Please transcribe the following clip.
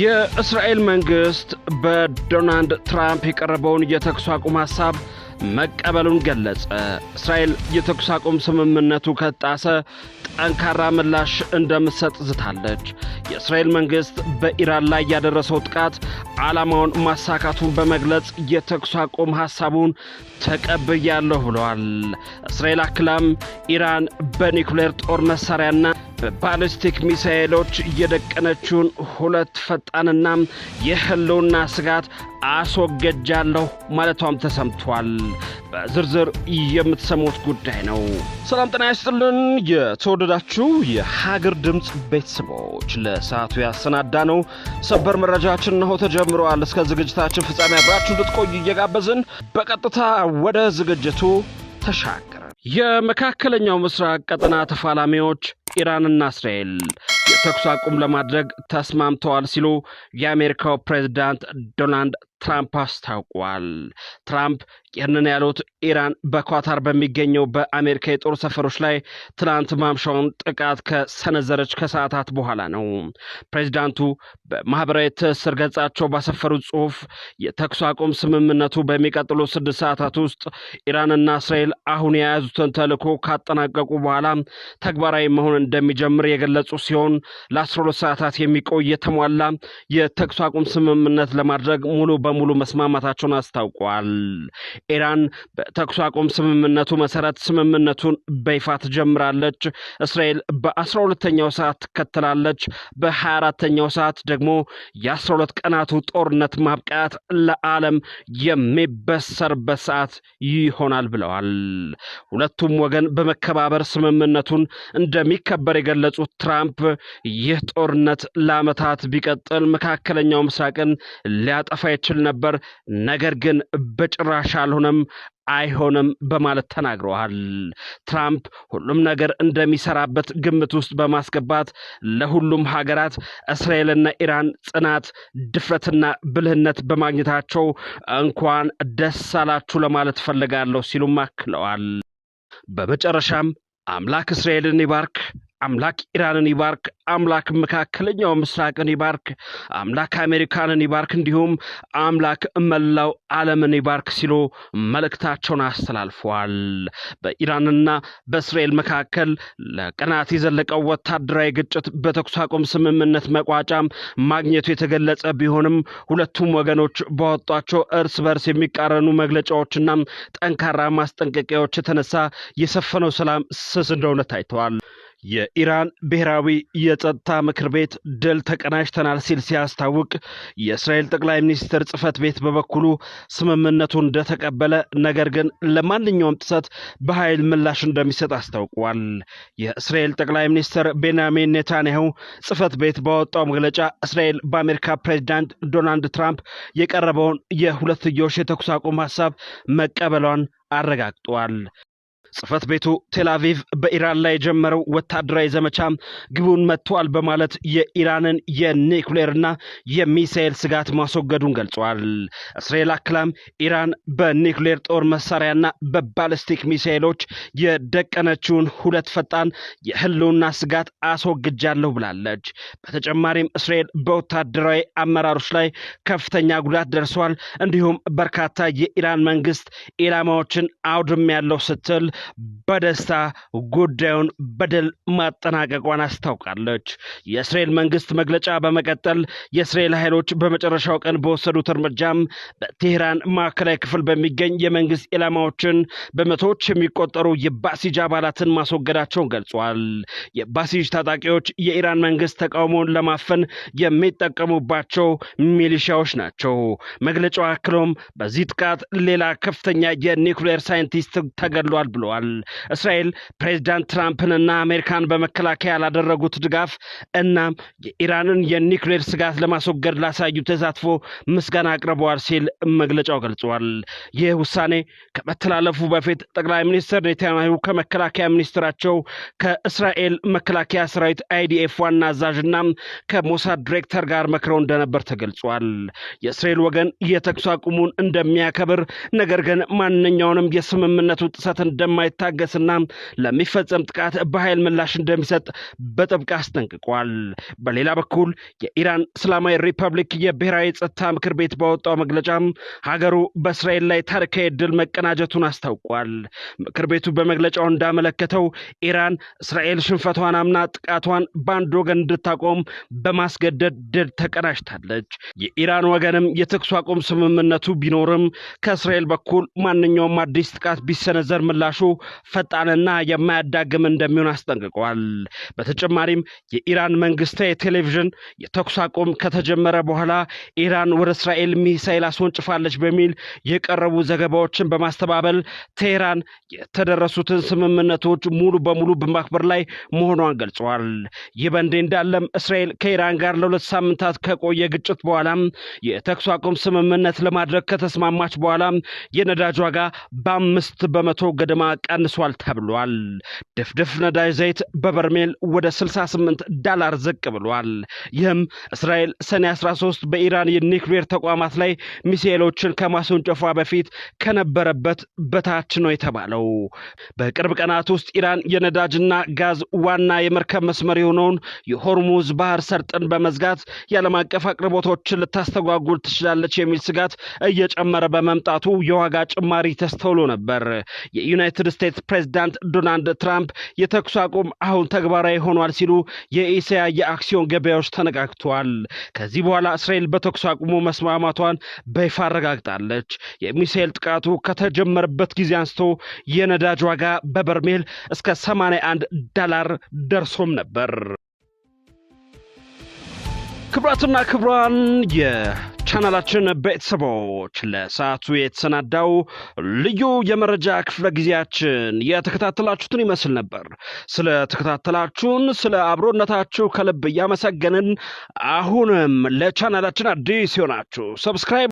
የእስራኤል መንግሥት በዶናልድ ትራምፕ የቀረበውን የተኩስ አቁም ሐሳብ መቀበሉን ገለጸ። እስራኤል የተኩስ አቁም ስምምነቱ ከጣሰ ጠንካራ ምላሽ እንደምትሰጥ ዝታለች። የእስራኤል መንግሥት በኢራን ላይ ያደረሰው ጥቃት ዓላማውን ማሳካቱን በመግለጽ የተኩስ አቁም ሐሳቡን ተቀብያለሁ ብለዋል። እስራኤል አክላም ኢራን በኒውክሌር ጦር መሣሪያና ባሊስቲክ ሚሳኤሎች እየደቀነችውን ሁለት ፈጣንና የህልውና ስጋት አስወገጃለሁ ማለቷም ተሰምቷል። በዝርዝር የምትሰሙት ጉዳይ ነው። ሰላም ጤና ይስጥልን። የተወደዳችሁ የሀገር ድምፅ ቤተሰቦች ለሰዓቱ ያሰናዳ ነው ሰበር መረጃችን እነሆ ተጀምረዋል። እስከ ዝግጅታችን ፍጻሜ አብራችሁ እንድትቆዩ እየጋበዝን በቀጥታ ወደ ዝግጅቱ ተሻገረ። የመካከለኛው ምስራቅ ቀጠና ተፋላሚዎች ኢራንና እስራኤል የተኩስ አቁም ለማድረግ ተስማምተዋል ሲሉ የአሜሪካው ፕሬዝዳንት ዶናልድ ትራምፕ አስታውቋል። ትራምፕ ይህንን ያሉት ኢራን በኳታር በሚገኘው በአሜሪካ የጦር ሰፈሮች ላይ ትናንት ማምሻውን ጥቃት ከሰነዘረች ከሰዓታት በኋላ ነው። ፕሬዚዳንቱ በማህበራዊ ትስስር ገጻቸው ባሰፈሩት ጽሑፍ የተኩስ አቁም ስምምነቱ በሚቀጥሉ ስድስት ሰዓታት ውስጥ ኢራንና እስራኤል አሁን የያዙትን ተልዕኮ ካጠናቀቁ በኋላ ተግባራዊ መሆን እንደሚጀምር የገለጹ ሲሆን ለአስራ ሁለት ሰዓታት የሚቆይ የተሟላ የተኩስ አቁም ስምምነት ለማድረግ ሙሉ በ በሙሉ መስማማታቸውን አስታውቋል። ኢራን በተኩስ አቁም ስምምነቱ መሰረት ስምምነቱን በይፋ ትጀምራለች። እስራኤል በአስራ ሁለተኛው ሰዓት ትከተላለች። በሀያ አራተኛው ሰዓት ደግሞ የአስራ ሁለት ቀናቱ ጦርነት ማብቃት ለዓለም የሚበሰርበት ሰዓት ይሆናል ብለዋል። ሁለቱም ወገን በመከባበር ስምምነቱን እንደሚከበር የገለጹት ትራምፕ ይህ ጦርነት ለዓመታት ቢቀጥል መካከለኛው ምስራቅን ሊያጠፋ ይችላል ይችል ነበር፣ ነገር ግን በጭራሽ አልሆነም አይሆንም በማለት ተናግረዋል። ትራምፕ ሁሉም ነገር እንደሚሰራበት ግምት ውስጥ በማስገባት ለሁሉም ሀገራት እስራኤልና ኢራን ጽናት፣ ድፍረትና ብልህነት በማግኘታቸው እንኳን ደስ አላችሁ ለማለት ፈልጋለሁ ሲሉም አክለዋል። በመጨረሻም አምላክ እስራኤልን ይባርክ። አምላክ ኢራንን ይባርክ። አምላክ መካከለኛው ምስራቅን ይባርክ። አምላክ አሜሪካንን ይባርክ። እንዲሁም አምላክ መላው ዓለምን ይባርክ ሲሉ መልእክታቸውን አስተላልፈዋል። በኢራንና በእስራኤል መካከል ለቀናት የዘለቀው ወታደራዊ ግጭት በተኩስ አቁም ስምምነት መቋጫም ማግኘቱ የተገለጸ ቢሆንም ሁለቱም ወገኖች በወጧቸው እርስ በርስ የሚቃረኑ መግለጫዎችና ጠንካራ ማስጠንቀቂያዎች የተነሳ የሰፈነው ሰላም ስስ እንደሆነ ታይተዋል። የኢራን ብሔራዊ የጸጥታ ምክር ቤት ድል ተቀናጅተናል ሲል ሲያስታውቅ የእስራኤል ጠቅላይ ሚኒስትር ጽህፈት ቤት በበኩሉ ስምምነቱን እንደተቀበለ ነገር ግን ለማንኛውም ጥሰት በኃይል ምላሽ እንደሚሰጥ አስታውቋል። የእስራኤል ጠቅላይ ሚኒስትር ቤንያሚን ኔታንያሁ ጽህፈት ቤት ባወጣው መግለጫ እስራኤል በአሜሪካ ፕሬዚዳንት ዶናልድ ትራምፕ የቀረበውን የሁለትዮሽ የተኩስ አቁም ሀሳብ መቀበሏን አረጋግጧል። ጽህፈት ቤቱ ቴላቪቭ በኢራን ላይ የጀመረው ወታደራዊ ዘመቻ ግቡን መጥቷል በማለት የኢራንን የኒውክሌርና የሚሳኤል ስጋት ማስወገዱን ገልጿል። እስራኤል አክላም ኢራን በኒውክሌር ጦር መሳሪያና በባለስቲክ ሚሳኤሎች የደቀነችውን ሁለት ፈጣን የህልውና ስጋት አስወግጃለሁ ብላለች። በተጨማሪም እስራኤል በወታደራዊ አመራሮች ላይ ከፍተኛ ጉዳት ደርሷል፣ እንዲሁም በርካታ የኢራን መንግስት ኢላማዎችን አውድም ያለው ስትል በደስታ ጉዳዩን በድል ማጠናቀቋን አስታውቃለች። የእስራኤል መንግስት መግለጫ በመቀጠል የእስራኤል ኃይሎች በመጨረሻው ቀን በወሰዱት እርምጃም በቴህራን ማዕከላዊ ክፍል በሚገኝ የመንግስት ኢላማዎችን በመቶዎች የሚቆጠሩ የባሲጅ አባላትን ማስወገዳቸውን ገልጿል። የባሲጅ ታጣቂዎች የኢራን መንግስት ተቃውሞውን ለማፈን የሚጠቀሙባቸው ሚሊሻዎች ናቸው። መግለጫው አክሎም በዚህ ጥቃት ሌላ ከፍተኛ የኒውክሌር ሳይንቲስት ተገድሏል ብለዋል። ተናግረዋል። እስራኤል ፕሬዚዳንት ትራምፕንና አሜሪካን በመከላከያ ላደረጉት ድጋፍ እና የኢራንን የኒውክሌር ስጋት ለማስወገድ ላሳዩ ተሳትፎ ምስጋና አቅርበዋል ሲል መግለጫው ገልጿል። ይህ ውሳኔ ከመተላለፉ በፊት ጠቅላይ ሚኒስትር ኔታንያሁ ከመከላከያ ሚኒስትራቸው ከእስራኤል መከላከያ ሰራዊት አይዲኤፍ ዋና አዛዥና ከሞሳድ ዲሬክተር ጋር መክረው እንደነበር ተገልጿል። የእስራኤል ወገን የተኩስ አቁሙን እንደሚያከብር ነገር ግን ማንኛውንም የስምምነቱ ጥሰት እንደማ። እንደማይታገስና ለሚፈጸም ጥቃት በኃይል ምላሽ እንደሚሰጥ በጥብቅ አስጠንቅቋል። በሌላ በኩል የኢራን እስላማዊ ሪፐብሊክ የብሔራዊ ጸጥታ ምክር ቤት ባወጣው መግለጫ ሀገሩ በእስራኤል ላይ ታሪካዊ ድል መቀናጀቱን አስታውቋል። ምክር ቤቱ በመግለጫው እንዳመለከተው ኢራን እስራኤል ሽንፈቷን አምና ጥቃቷን በአንድ ወገን እንድታቆም በማስገደድ ድል ተቀናጅታለች። የኢራን ወገንም የተኩስ አቁም ስምምነቱ ቢኖርም ከእስራኤል በኩል ማንኛውም አዲስ ጥቃት ቢሰነዘር ምላሹ ፈጣንና የማያዳግም እንደሚሆን አስጠንቅቋል። በተጨማሪም የኢራን መንግስት የቴሌቪዥን የተኩስ አቁም ከተጀመረ በኋላ ኢራን ወደ እስራኤል ሚሳይል አስወንጭፋለች በሚል የቀረቡ ዘገባዎችን በማስተባበል ቴህራን የተደረሱትን ስምምነቶች ሙሉ በሙሉ በማክበር ላይ መሆኗን ገልጸዋል። ይህ በእንዲህ እንዳለም እስራኤል ከኢራን ጋር ለሁለት ሳምንታት ከቆየ ግጭት በኋላም የተኩስ አቁም ስምምነት ለማድረግ ከተስማማች በኋላ የነዳጅ ዋጋ በአምስት በመቶ ገደማ ቀንሷል ተብሏል። ድፍድፍ ነዳጅ ዘይት በበርሜል ወደ 68 ዳላር ዝቅ ብሏል። ይህም እስራኤል ሰኔ 13 በኢራን የኒውክሌር ተቋማት ላይ ሚሳኤሎችን ከማስወንጨፏ በፊት ከነበረበት በታች ነው የተባለው። በቅርብ ቀናት ውስጥ ኢራን የነዳጅና ጋዝ ዋና የመርከብ መስመር የሆነውን የሆርሙዝ ባህር ሰርጥን በመዝጋት የዓለም አቀፍ አቅርቦቶችን ልታስተጓጉል ትችላለች የሚል ስጋት እየጨመረ በመምጣቱ የዋጋ ጭማሪ ተስተውሎ ነበር። የዩናይትድ የዩናይትድ ስቴትስ ፕሬዚዳንት ዶናልድ ትራምፕ የተኩስ አቁም አሁን ተግባራዊ ሆኗል ሲሉ የኢሳያ የአክሲዮን ገበያዎች ተነቃቅተዋል። ከዚህ በኋላ እስራኤል በተኩስ አቁሙ መስማማቷን በይፋ አረጋግጣለች። የሚሳኤል ጥቃቱ ከተጀመረበት ጊዜ አንስቶ የነዳጅ ዋጋ በበርሜል እስከ 81 ዶላር ደርሶም ነበር። ክብራትና ክብሯን ቻናላችን ቤተሰቦች ለሰዓቱ የተሰናዳው ልዩ የመረጃ ክፍለ ጊዜያችን የተከታተላችሁትን ይመስል ነበር። ስለ ተከታተላችሁን፣ ስለ አብሮነታችሁ ከልብ እያመሰገንን አሁንም ለቻናላችን አዲስ ይሆናችሁ ሰብስክራይብ